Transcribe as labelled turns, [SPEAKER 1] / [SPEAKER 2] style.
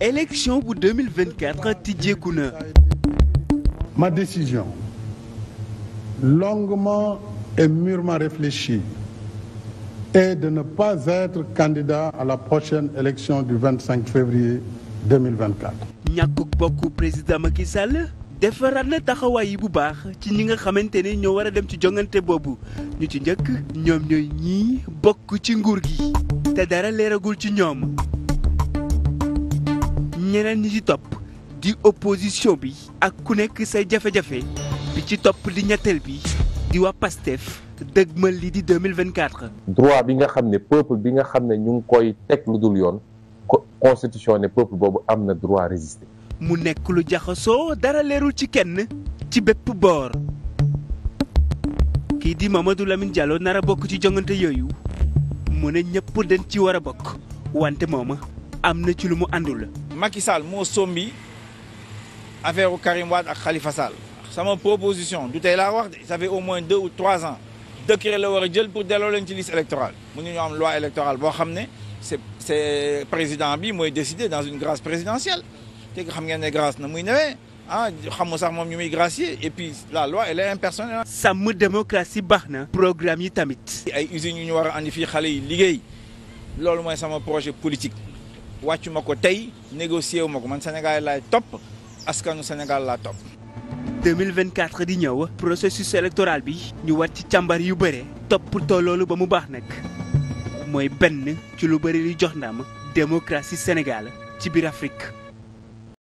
[SPEAKER 1] élection bu 2024 tijjeeku na.
[SPEAKER 2] ma décision longuement et mûrement réfléchie est de ne pas être candidat à la prochaine élection du 25 février 2024.
[SPEAKER 1] bokk président Macky Sall defaraat na taxawaay yi bu baax ci ñi nga xamante ne ñoo war a dem ci jongante boobu ñu ci njëkk ñoom ñooy ñii bokk ci nguur gi te dara leeragul ci ñoom. ñeneen ñi ci topp di opposition bi ak ku nekk say jafe-jafe bi ci topp di ñetteel bi di waa PASTEF dëgmal li di 2024.
[SPEAKER 3] droit bi nga xam ne peuple bi nga xam ne ñu ngi koy teg lu dul yoon constitution ne peuple boobu am na droit résister.
[SPEAKER 1] mu nekk lu jaxasoo dara leerul ci kenn ci bépp boor. kii di Mamadou Lamine Diallo nar a bokk ci jongante yooyu mu ne ñëpp dañ ci war a bokk wante mooma am na ci lu mu àndul. Macky Sall moo sombi affaire u Karim
[SPEAKER 4] Wade ak Khalifa sal sama proposition du tey laa wax de ça fait au moins deux ou trois ans décret la war a jël pour delloo leen ci liste électorale mu ñu am loi électorale boo xam ne c'est c'est président bi mooy décider dans une grâce présidentielle te xam ngeen ne grâce na muy newee ah xamu sax moom ñu muy gracier et puis la loi elle est impersonnelle. sàmm démocratie baax na. programme yi tamit. ay usines yu ñu war a andi fii xale yi liggéey loolu mooy sama projet politique. wàccuma ko tey négocié wu ma ko man Sénégal laay topp askanu Sénégal laa topp.
[SPEAKER 1] 2024 di ñëw processus électoral bi ñu war ci càmbar yu bëre toppatoo loolu ba mu baax nag mooy benn ci lu bëri li jox ndam démocratie Sénégal ci biir Afrique.